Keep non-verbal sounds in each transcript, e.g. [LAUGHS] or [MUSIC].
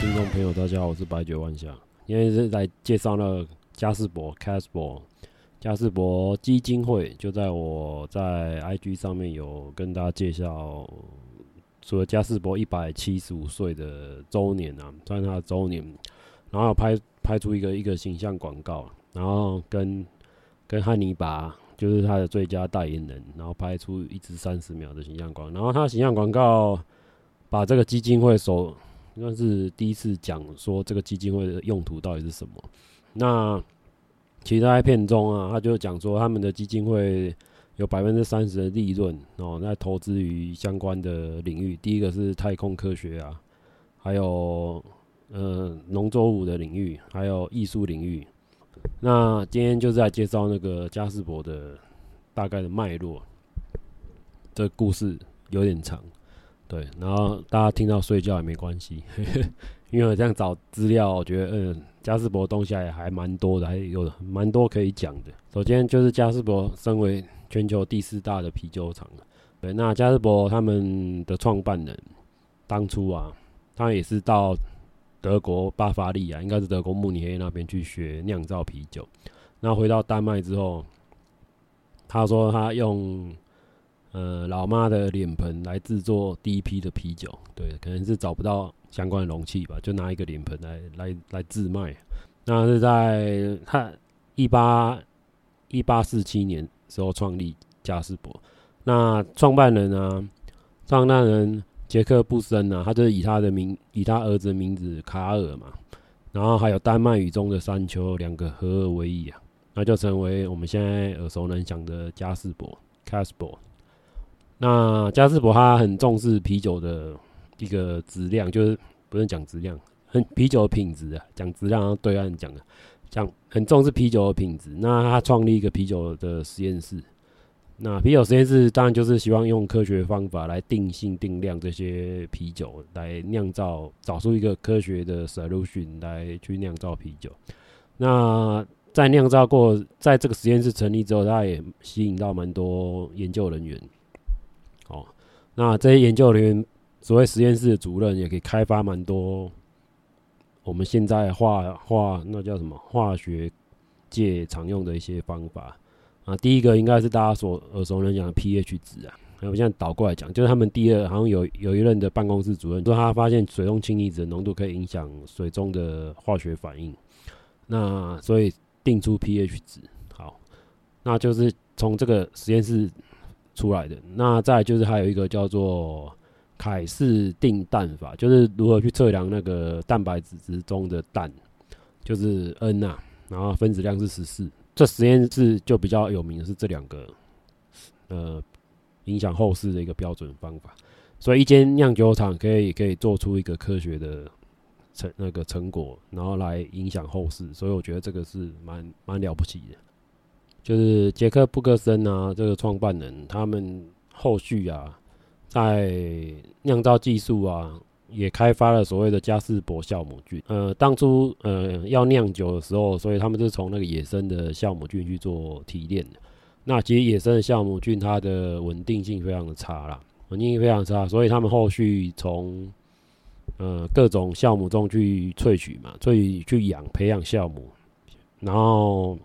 聽眾朋友，大家好，我是白爵萬夏。因為是在介紹了嘉士伯 （Carlsberg） 嘉士伯基金會，就在我在 IG 上面有跟大家介紹，說嘉士伯一百七十五歲的周年啊，在他的周年，然後拍拍出一個一個形象廣告，然後跟跟漢尼拔就是他的最佳代言人，然後拍出一支三十秒的形象廣告，然後他的形象廣告把這個基金會所。應該是第一次講說這個基金會的用途到底是什麼？那其他片中啊，他就講說他們的基金會有百分之三十的利潤哦，那投資於相關的領域。第一個是太空科學啊，還有呃，農作物的領域，還有藝術領域。那今天就是在介紹那個嘉士伯的大概的脈絡，這個故事有點長。對，然後大家聽到睡覺也沒關係，呵呵，因為我這樣找資料，我覺得嗯，嘉士伯東西還還蠻多的，還有蠻多可以講的。首先就是嘉士伯，身為全球第四大的啤酒廠。對，那嘉士伯他們的創辦人當初啊，他也是到德國巴伐利亞，應該是德國慕尼黑那邊去學釀造啤酒。那回到丹麥之後，他說他用。呃，老媽的臉盆來製作第一批的啤酒，對，可能是找不到相關的容器吧，就拿一個臉盆來來來自賣。那是在他一八一八四七年時候創立嘉士伯。那創辦人呢、啊，創辦人傑克布森呢，他就是以他的名，以他兒子的名字卡爾嘛，然後還有丹麥語中的山丘兩個合二為一啊，那就成為我們現在耳熟能詳的嘉士伯 Casper。那嘉士伯他很重視啤酒的一個質量，就是不是講質量，很啤酒的品質啊，講質量然後對岸講啊，講很重視啤酒的品質。那他創立一個啤酒的實驗室，那啤酒實驗室當然就是希望用科學方法來定性定量這些啤酒，來釀造，找出一個科學的 solution 來去釀造啤酒。那在釀造過，在這個實驗室成立之後，他也吸引到蠻多研究人員。那這些研究人員，所謂實驗室的主任，也可以開發蠻多，我們現在化化那叫什麼化學界常用的一些方法啊。第一個應該是大家所耳熟能詳的 pH 值啊。那我現在倒過來講，就是他們第二，好像有有一任的辦公室主任說他發現水中氫離子的濃度可以影響水中的化學反應，那所以定出 pH 值。好，那就是從這個實驗室出來的。那再就是還有一個叫做凱氏定氮法，就是如何去測量那個蛋白質之中的氮，就是 N 吶，然後分子量是十四。這實驗室就比較有名的是這兩個，呃，影響後世的一個標準方法。所以一間釀酒廠可以也可以做出一個科學的成那個成果，然後來影響後世。所以我覺得這個是蠻蠻了不起的。就是傑克布克森啊，這個創辦人，他們後續啊，在釀造技術啊，也開發了所謂的嘉士伯酵母菌。呃，當初呃要釀酒的時候，所以他們就是從那個野生的酵母菌去做提煉的。那其實野生的酵母菌，它的穩定性非常的差啦，穩定性非常差，所以他們後續從呃各種酵母中去萃取嘛，萃取去養培養酵母，然後。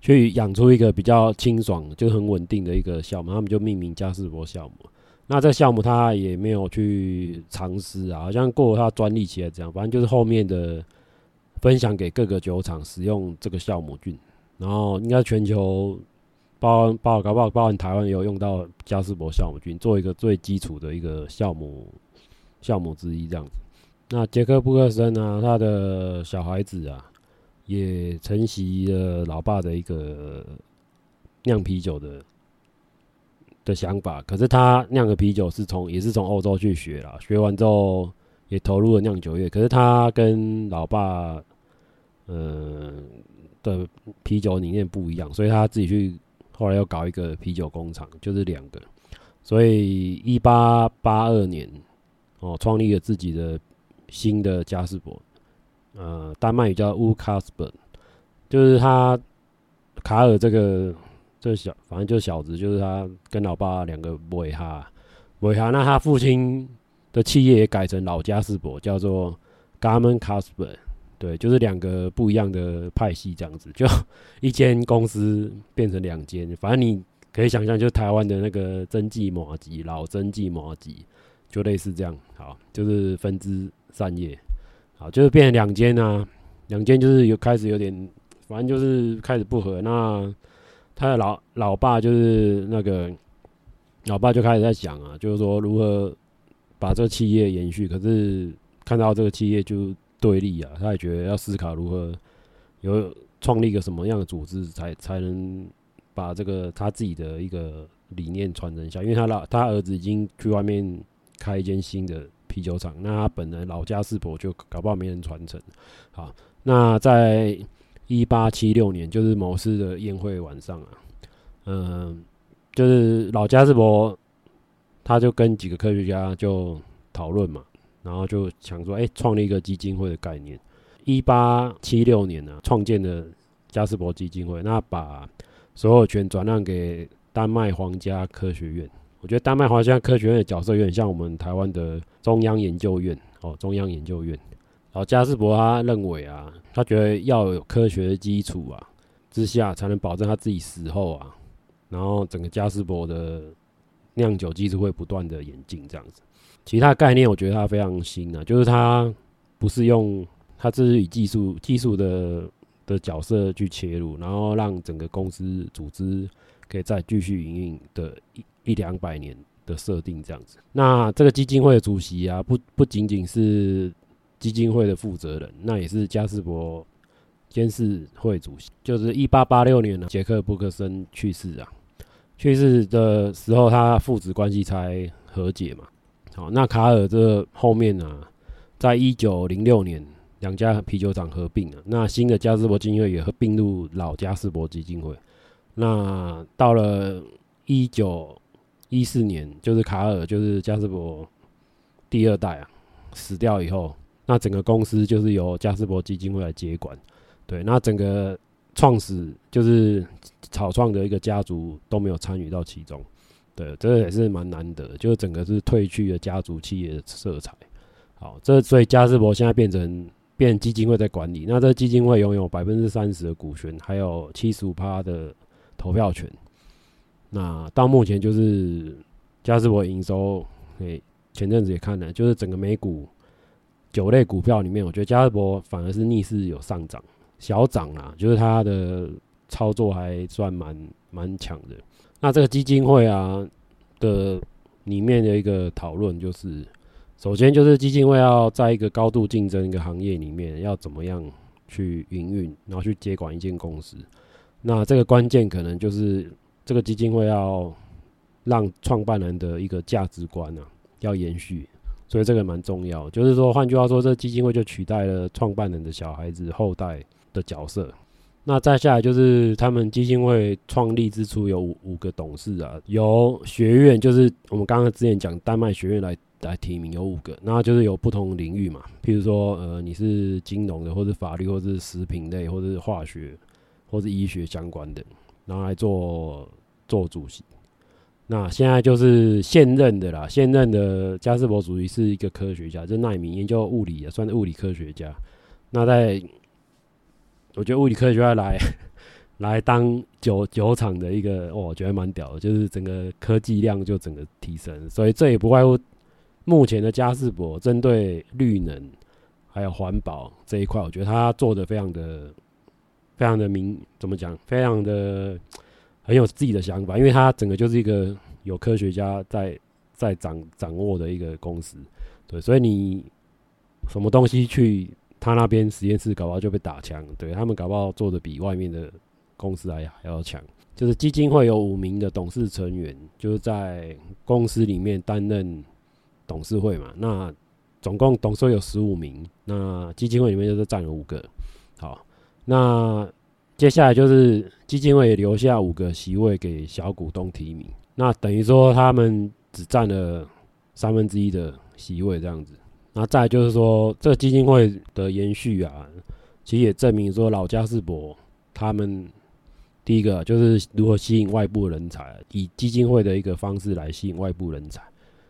去養出一個比較清爽、就很穩定的一個酵母，他們就命名嘉士伯酵母。那這個酵母他也沒有去嘗試啊，好像過了他專利期這樣。反正就是後面的分享給各個酒廠使用這個酵母菌，然後應該全球包包括包括包括台灣也有用到嘉士伯酵母菌，做一個最基礎的一個酵母酵母之一這樣子。那傑克布克森啊，他的小孩子啊。也承襲了老爸的一個釀啤酒的的想法，可是他釀的啤酒是從也是從歐洲去學了，學完之後也投入了釀酒業。可是他跟老爸，嗯、呃、的啤酒理念不一樣，所以他自己去後來又搞一個啤酒工廠，就是兩個。所以一八八二年哦，創立了自己的新的嘉士伯。呃，丹麥語叫烏卡斯本，per, 就是他卡爾這個這小，反正就是小子，就是他跟老爸兩個維哈維哈。那他父親的企業也改成老嘉士伯，叫做嘎門卡斯本。Per, 對，就是兩個不一樣的派系，這樣子，就一間公司變成兩間，反正你可以想象，就是台灣的那個曾記麻糬，老曾記麻糬，就類似這樣。好，就是分枝散葉。好，就是變成兩間吶，兩間就是有開始有點，反正就是開始不合。那他的老老爸就是那個老爸就開始在想啊，就是說如何把這企業延續。可是看到這個企業就對立啊，他也覺得要思考如何有創立一個什麼樣的組織才，才才能把這個他自己的一個理念傳承下。因為他老他兒子已經去外面開一間新的。啤酒廠，那他本來老嘉士伯就搞不好沒人傳承。好，那在一八七六年，就是某次的宴會晚上啊，嗯，就是老嘉士伯，他就跟幾個科學家就討論嘛，然後就想說，哎、欸，創立一個基金會的概念。一八七六年呢、啊，創建了嘉士伯基金會，那把所有權轉讓給丹麥皇家科學院。我覺得丹麥皇家科學院的角色有點像我們台灣的中央研究院哦，中央研究院。然、哦、後嘉士伯他認為啊，他覺得要有科學基礎啊之下，才能保證他自己死後啊，然後整個嘉士伯的釀酒技術會不斷的演進這樣子。其他概念我覺得他非常新啊，就是他不是用他自己技術技術的的角色去切入，然後讓整個公司組織。可以再繼續營運的一一兩百年的設定這樣子。那這個基金會的主席啊，不不僅僅是基金會的負責人，那也是嘉士伯監事會主席。就是一八八六年呢，傑克·布克森去世啊，去世的時候他父子關係才和解嘛。好，那卡爾這後面呢、啊，在一九零六年兩家啤酒廠合併了、啊，那新的嘉士伯基金會也合併入老嘉士伯基金會。那到了一九一四年，就是卡爾，就是嘉士伯第二代啊，死掉以後，那整個公司就是由嘉士伯基金會來接管，對，那整個創始就是草創的一個家族都沒有參與到其中，對，這也是蠻難得，就是整個是褪去了家族企業的色彩，好，這所以嘉士伯現在變成變基金會在管理，那這基金會擁有百分之三十的股權，還有七十五趴的。投票權，那到目前就是嘉士伯營收，誒，前陣子也看了，就是整個美股酒類股票裡面，我覺得嘉士伯反而是逆勢有上漲，小漲啦、啊，就是它的操作還算蠻蠻強的。那這個基金會啊的裡面的一個討論，就是首先就是基金會要在一個高度競爭一個行業裡面，要怎麼樣去營運，然後去接管一間公司。那這個關鍵可能就是這個基金會要讓創辦人的一個價值觀呢、啊、要延續，所以這個蠻重要。就是說，換句話說，這基金會就取代了創辦人的小孩子後代的角色。那再下來就是他們基金會創立之初有五五個董事啊，由學院就是我們剛剛之前講丹麥學院來來提名，有五個，那就是有不同領域嘛，譬如說呃你是金融的，或者法律，或者食品類，或者是化學。或是醫學相關的，然後來做做主席。那現在就是現任的啦，現任的嘉士伯主席是一個科學家，就是那一名研究物理的，啊，算是物理科學家。那在我覺得物理科學家來 [LAUGHS] 來當酒酒廠的一個，我覺得蠻屌的，就是整個科技量就整個提升。所以這也不怪乎目前的嘉士伯針對綠能還有環保這一塊，我覺得他做的非常的。非常的明，怎麼講？非常的很有自己的想法，因為它整個就是一個有科學家在在掌掌握的一個公司，對，所以你什麼東西去他那邊實驗室，搞不好就被打槍。對，他們搞不好做得比外面的公司還還要強。就是基金會有五名的董事成員，就是在公司裡面擔任董事會嘛。那總共董事會有十五名，那基金會裡面就是佔了五個。好。那接下來就是基金會也留下五個席位給小股東提名，那等於說他們只占了三分之一的席位這樣子。那再來就是說，這基金會的延續啊，其實也證明說，老嘉士伯，他們第一個就是如何吸引外部人才，以基金會的一個方式來吸引外部人才，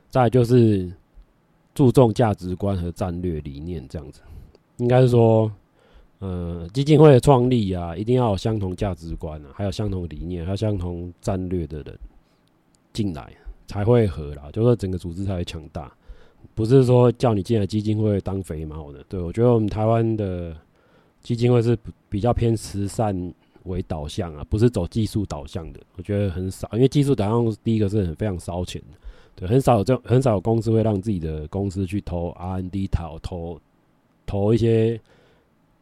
再來就是注重價值觀和戰略理念這樣子，應該是說。呃、嗯，基金會的創立啊，一定要有相同價值觀啊，還有相同理念，還有相同戰略的人進來，才會合啦。就說、是、整個組織才會強大，不是說叫你進來基金會當肥貓的。對我覺得我們台灣的基金會是比較偏慈善為導向啊，不是走技術導向的。我覺得很少，因為技術導向第一個是很非常燒錢的，對，很少有這種很少有公司會讓自己的公司去投 RND 投投投一些。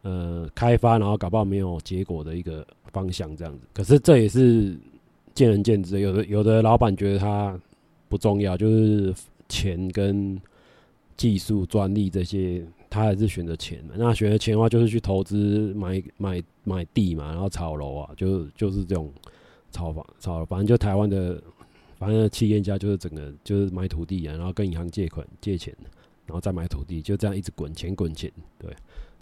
呃，開發，然後搞不好沒有結果的一個方向這樣子，可是這也是見仁見智。有的有的老板覺得他不重要，就是錢跟技術專利這些，他還是選擇錢。那選擇錢的話，就是去投資買買買地嘛，然後炒樓啊，就是就是這種炒房炒樓。反正就台灣的，反正企業家就是整個就是買土地啊，然後跟銀行借款借錢，然後再買土地，就這樣一直滾錢滾錢，對。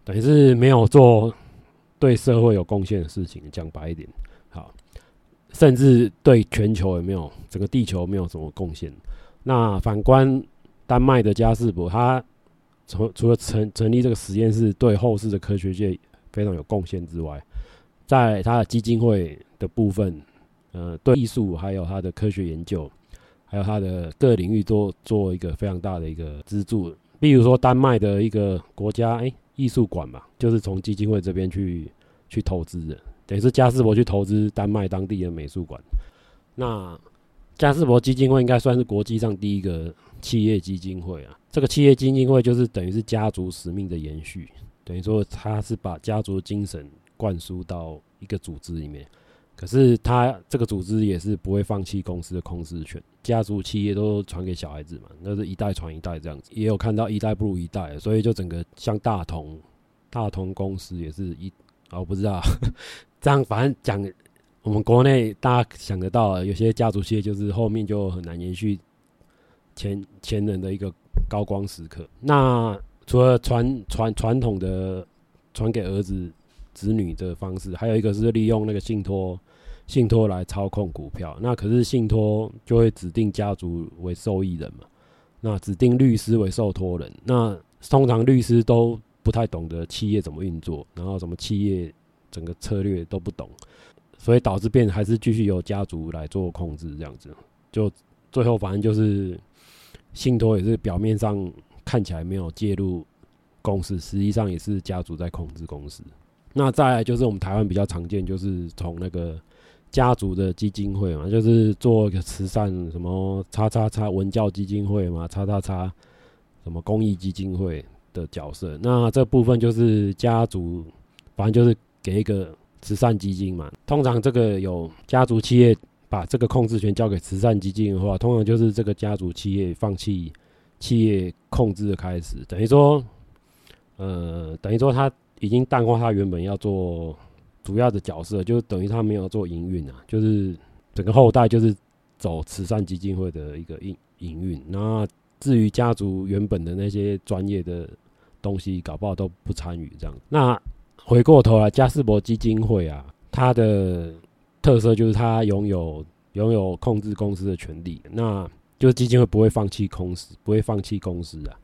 等於是沒有做對社會有貢獻的事情，講白一點，好，甚至對全球也沒有，整個地球沒有什麼貢獻。那反觀丹麥的嘉士伯，他除除了成成立這個實驗室，對後世的科學界非常有貢獻之外，在他的基金會的部分，呃，對藝術還有他的科學研究，還有他的各領域做做一個非常大的一個資助。例如說丹麥的一個國家，哎、欸。藝術館嘛，就是從基金會這邊去去投資的，等於是嘉士伯去投資丹麥當地的美術館。那嘉士伯基金會應該算是國際上第一個企業基金會啊。這個企業基金會就是等於是家族使命的延續，等於說他是把家族精神灌輸到一個組織裡面。可是他這個組織也是不會放棄公司的控制權，家族企業都傳給小孩子嘛，那、就是一代傳一代這樣子，也有看到一代不如一代，所以就整個像大同，大同公司也是一啊、哦，我不知道， [LAUGHS] 這樣反正講我們國內大家想得到，有些家族企業就是後面就很難延續前前人的一個高光時刻。那除了傳傳傳統的傳給兒子、子女的方式，還有一個是利用那個信托，信托來操控股票。那可是信托就會指定家族為受益人嘛，那指定律師為受托人。那通常律師都不太懂得企業怎麼運作，然後什麼企業整個策略都不懂，所以導致變還是繼續由家族來做控制。這樣子，就最後反正就是信托也是表面上看起來沒有介入公司，實際上也是家族在控制公司。那再來就是我們台灣比較常見，就是從那個家族的基金會嘛，就是做一個慈善什麼叉叉叉文教基金會嘛，叉叉叉什麼公益基金會的角色。那這部分就是家族，反正就是給一個慈善基金嘛。通常這個有家族企業把這個控制權交給慈善基金的話，通常就是這個家族企業放棄企業控制的開始，等於說，呃，等於說他。已經淡化他原本要做主要的角色，就等於他沒有做營運啊，就是整個後代就是走慈善基金會的一個營營運。那至於家族原本的那些專業的東西，搞不好都不參與這樣。那回過頭來，嘉士伯基金會啊，它的特色就是它擁有擁有控制公司的權利，那就是基金會不會放棄公司，不會放棄公司啊，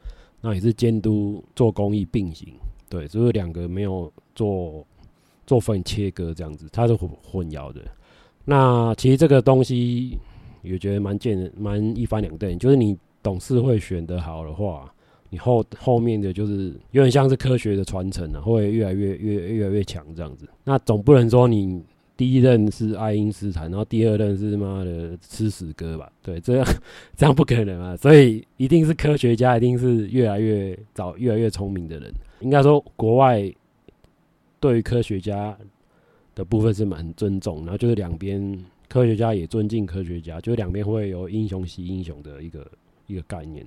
那也是監督做公益並行。對，只有兩個沒有做做分切割這樣子，它是混混淆的。那其實這個東西也覺得蠻見蠻一翻兩瞪，就是你董事會選得好的話，你後後面的就是有點像是科學的傳承啊，會越來越越越來越強這樣子。那總不能說你第一任是愛因斯坦，然後第二任是他媽的吃屎哥吧？對，這樣這樣不可能啊！所以一定是科學家，一定是越來越早，越來越聰明的人。應該說，國外對於科學家的部分是蠻尊重，然後就是兩邊科學家也尊敬科學家，就是兩邊會有英雄惜英雄的一個一個概念。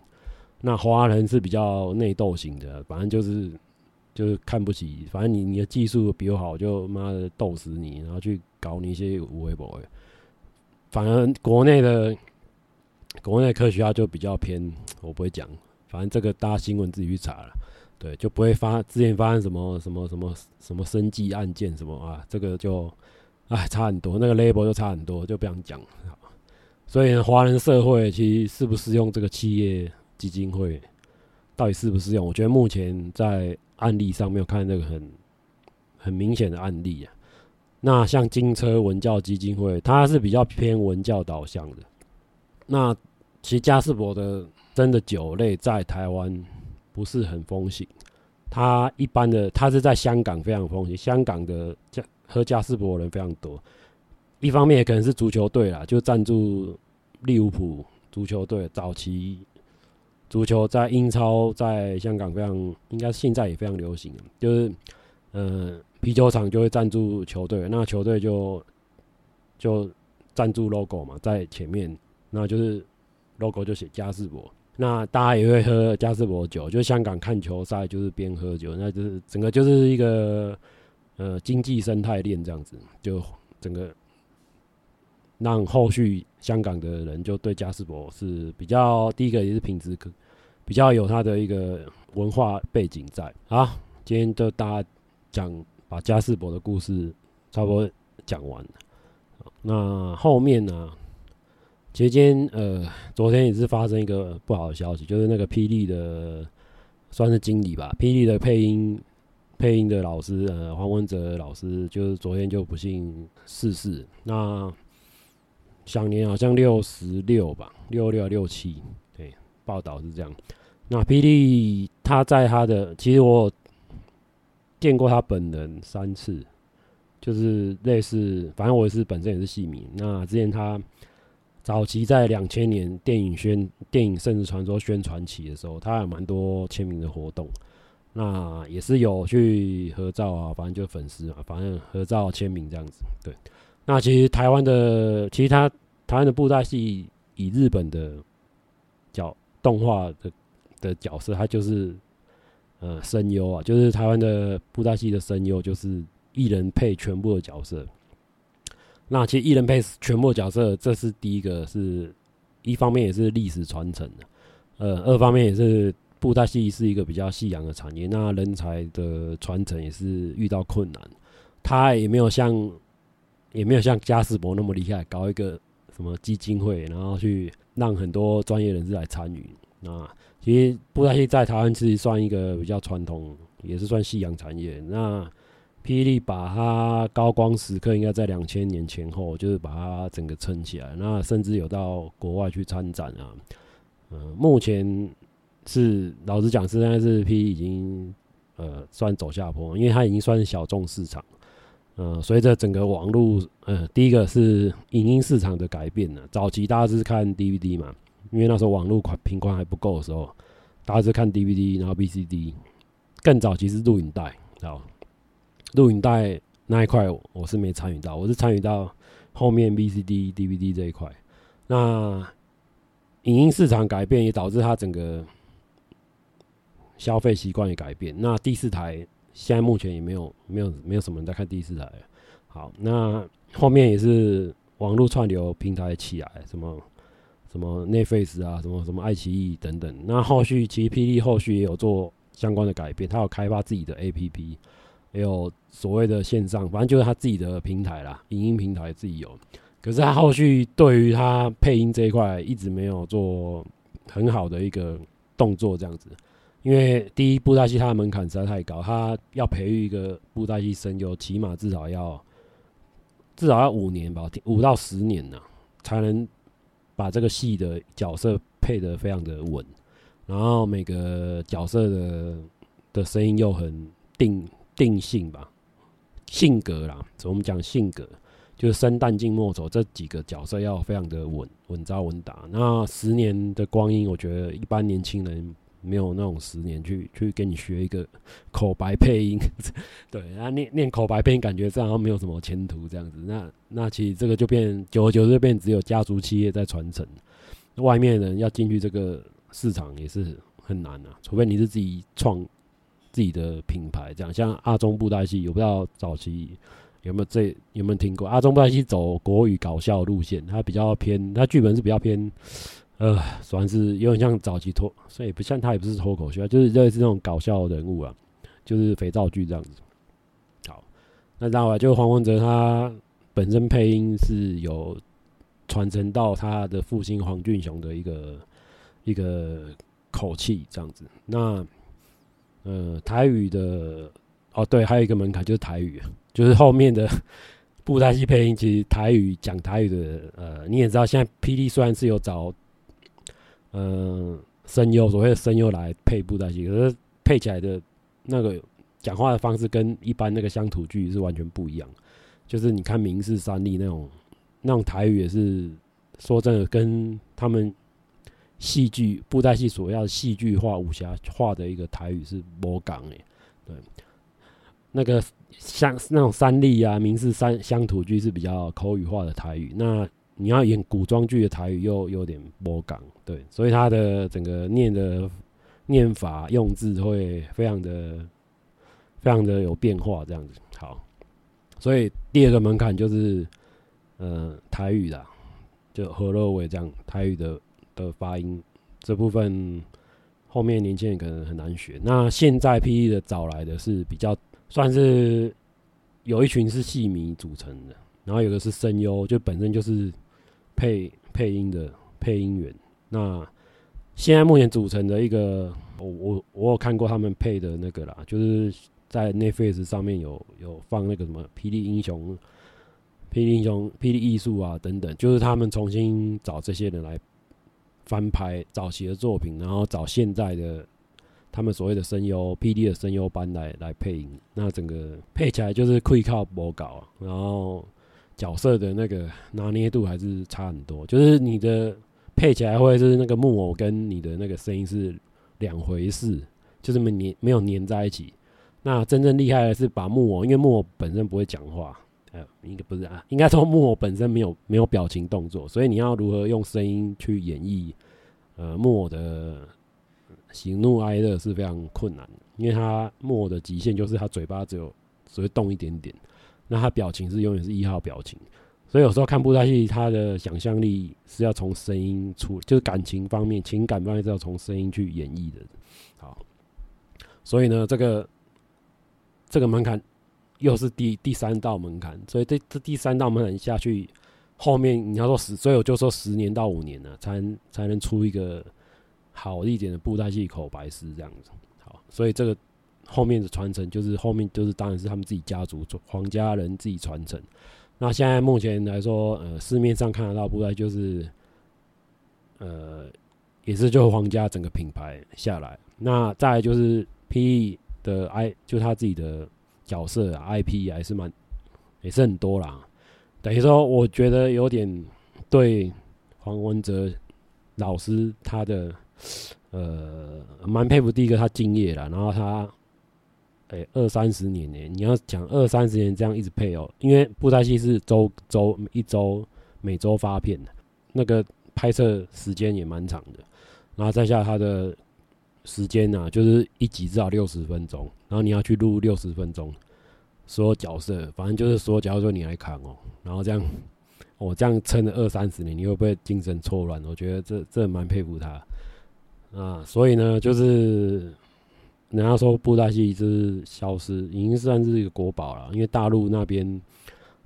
那華人是比較內鬥型的，反正就是就是看不起，反正你你的技術比我好，就媽的鬥死你，然後去搞你一些無不博。反正國內的國內科學家就比較偏，我不會講，反正這個大家新聞自己去查了。對，就不會發之前發生什麼什麼什麼什麼，什麼生計案件什麼啊，這個就唉差很多，那個 label 就差很多，就不想講。所以華人社會其實適不適用這個企業基金會，到底適不適用？我覺得目前在案例上沒有看那個很很明顯的案例啊。那像金車文教基金會，它是比較偏文教導向的。那其實嘉士伯的真的酒類在台灣。不是很風行，它一般的，它是在香港非常風行。香港的嘉喝嘉士伯的人非常多，一方面也可能是足球隊啦，就贊助利物浦足球隊。早期足球在英超，在香港非常，應該現在也非常流行。就是，呃啤酒廠就會贊助球隊，那球隊就就贊助 logo 嘛，在前面，那就是 logo 就寫嘉士伯。那大家也會喝嘉士伯酒，就香港看球賽就是邊喝酒，那就是整個就是一個呃經濟生態鏈這樣子，就整個讓後續香港的人就對嘉士伯是比較第一個也是品質，比較有他的一個文化背景在。好，今天就大家講，把嘉士伯的故事差不多講完了，那後面呢、啊？其實今天呃，昨天也是發生一個不好的消息，就是那個霹靂的算是經理吧，霹靂的配音配音的老師呃，黃文擇老師，就是昨天就不幸逝世。那享年好像六十六吧，六六六七，對，報道是這樣。那霹靂他在他的，其實我見過他本人三次，就是類似，反正我也是本身也是戲迷。那之前他。早期在兩千年電影宣電影甚至傳說宣傳期的時候，他有蠻多簽名的活動。那也是有去合照啊，反正就粉絲啊，反正合照簽名這樣子。對，那其實台灣的其實他台灣的布袋戲以日本的角動畫的的角色，他就是呃聲優啊，就是台灣的布袋戲的聲優，就是一人配全部的角色。那其實一人配全部角色，這是第一個，是一方面也是歷史傳承的，呃，二方面也是布袋戲是一個比較夕陽的產業，那人才的傳承也是遇到困難，他也沒有像也沒有像嘉士伯那麼厲害，搞一個什麼基金會，然後去讓很多專業人士來參與。啊，其實布袋戲在台灣是算一個比較傳統，也是算夕陽產業。那霹靂把它高光時刻應該在兩千年前後，就是把它整個撐起來，那甚至有到國外去參展啊。嗯、呃，目前是老實講，是現在是霹靂已經呃算走下坡，因為它已經算小眾市場。呃，隨着整個網絡，嗯、呃，第一個是影音市場的改變了。早期大家是看 DVD 嘛，因為那時候網絡寬頻寬還不夠的時候，大家是看 DVD，然後 VCD 更早其實是錄影帶，知道吧，好。錄影帶那一塊，我是沒參與到，我是參與到後面 VCD、DVD 這一塊。那影音市場改變，也導致它整個消費習慣也改變。那第四台現在目前也沒有沒有沒有什麼人在看第四台。好，那後面也是網絡串流平台起來，什麼什麼 Netflix 啊，什麼什麼愛奇藝等等。那後續其實霹靂後續也有做相關的改變，它有開發自己的 APP。也有所謂的線上，反正就是他自己的平台啦，影音平台自己有。可是他後續對於他配音這一塊一直沒有做很好的一個動作，這樣子。因為第一布袋戲他的門檻實在太高，他要培育一個布袋戲聲優，起碼至少要至少要五年吧，五到十年呢，啊，才能把這個戲的角色配得非常的穩，然後每個角色的的聲音又很定。定性吧，性格啦，所以我們講性格，就是生旦淨末丑這幾個角色要非常的穩，穩扎穩打。那十年的光陰，我覺得一般年輕人沒有那種十年去去給你學一個口白配音， [LAUGHS] 對，然後念念口白配音，感覺這樣好像沒有什麼前途，這樣子。那那其實這個就變，久而久之就變，只有家族企業在傳承。外面的人要進去這個市場也是很難啊，除非你是自己創。自己的品牌這樣，像阿中布袋戲，有不知道早期有沒有這有沒有聽過阿中布袋戲走國語搞笑路線，他比較偏，他劇本是比較偏，呃，算是有點像早期脫，所以不像他也不是脫口秀，就是類似那種搞笑人物啊，就是肥皂劇這樣子。好，那當好就黃文擇他本身配音是有傳承到他的父親黃俊雄的一個一個口氣這樣子，那。呃，台語的哦，對，還有一個門檻就是台語，就是後面的布袋戲配音，其實台語講台語的呃，你也知道，現在 P.D 雖然是有找嗯聲優，所謂的聲優來配布袋戲，可是配起來的那個講話的方式跟一般那個鄉土劇是完全不一樣，就是你看民視三立那種那種台語也是，說真的，跟他們。戲劇布袋戲所要戲劇化武俠化的一個台語是播港的，對，那個像那種三立啊、民視三鄉土劇是比較口語化的台語，那你要演古裝劇的台語又，又有點播港，對，所以它的整個念的念法用字會非常的非常的有變化，這樣子好，所以第二個門檻就是，呃，台語啦，就河洛話這樣台語的的發音這部分，後面年輕人可能很難學。那現在霹靂的找來的是比較算是有一群是戲迷組成的，然後有的是聲優，就本身就是配配音的配音員。那現在目前組成的一個，我我我有看過他們配的那個啦，就是在 Netflix 上面有有放那個什麼《霹靂英雄》《霹靂英雄》《霹靂藝術》啊等等，就是他們重新找這些人來。翻拍早期的作品，然後找現在的他們所謂的聲優、P.D. 的聲優班來來配音，那整個配起來就是可以靠模搞，然後角色的那個拿捏度還是差很多。就是你的配起來會是那個木偶跟你的那個聲音是兩回事，就是沒粘沒有粘在一起。那真正厲害的是把木偶，因為木偶本身不會講話。呃，應該不是啊，應該說木偶本身沒有沒有表情動作，所以你要如何用聲音去演繹呃木偶的喜怒哀樂是非常困難，因為他木偶的極限就是他嘴巴只有只會動一點點，那他表情是永遠是一號表情，所以有時候看布袋戲，他的想象力是要從聲音出，就是感情方面、情感方面是要從聲音去演繹的，好，所以呢，這個這個門檻。又是第第三道門檻，所以這這第三道門檻下去，後面你要說十，所以我就說十年到五年了，才能才能出一個好一點的布袋戲口白師這樣子。好，所以這個後面的傳承就是後面就是當然是他們自己家族、黃家人自己傳承。那現在目前來說，呃，市面上看得到布袋就是，呃，也是就黃家整個品牌下來，那再來就是 PE 的 I 就他自己的。角色、啊、IP 還、啊、是蠻也是很多啦，等於說我覺得有點對黃文擇老師他的呃蠻佩服。第一個他敬業了，然後他哎、欸、二三十年呢，你要講二三十年這樣一直配哦，因為布袋戲是周周一周每周發片的，那個拍攝時間也蠻長的，然後再下他的。時間吶、啊，就是一集至少六十分鐘，然後你要去錄六十分鐘，所有角色，反正就是說，假如說你來扛哦、喔，然後這樣，我、喔、這樣撐了二三十年，你會不會精神錯亂？我覺得這這蠻佩服他啊，啊，所以呢，就是人家說布袋戲是消失，已經算是一個國寶了，因為大陸那邊，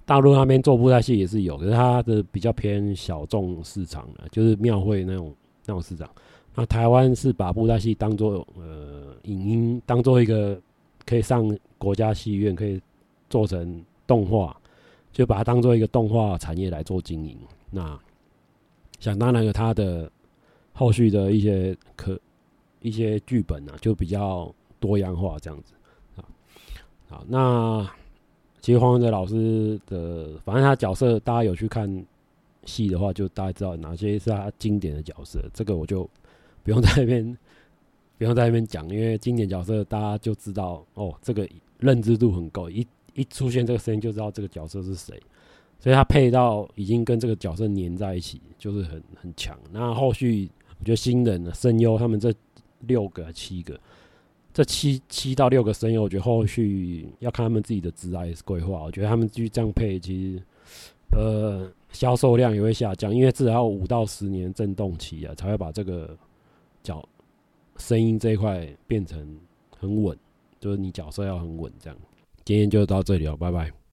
大陸那邊做布袋戲也是有，可是它的比較偏小眾市場了，就是廟會那種那種市場。那、啊、台灣是把布袋戲當做呃影音當做一個可以上國家戲院，可以做成動畫，就把它當做一個動畫產業來做經營。那想當然有它的後續的一些可一些劇本啊，就比較多樣化這樣子啊。好，那其實黃文擇老師的，反正他角色，大家有去看戲的話，就大家知道哪些是他經典的角色。這個我就。不用在那邊，不用在那邊講，因為經典角色大家就知道哦、oh,，這個認知度很夠，一一出現這個聲音就知道這個角色是誰，所以他配到已經跟這個角色黏在一起，就是很很強。那後續我覺得新人的聲優他們這六個七個，這七七到六個聲優，我覺得後續要看他們自己的職涯規劃。我覺得他們繼續這樣配，其實呃銷售量也會下降，因為至少要五到十年震動期啊，才會把這個。腳聲音這一塊變成很穩，就是你角色要很穩這樣。今天就到這裡了，拜拜。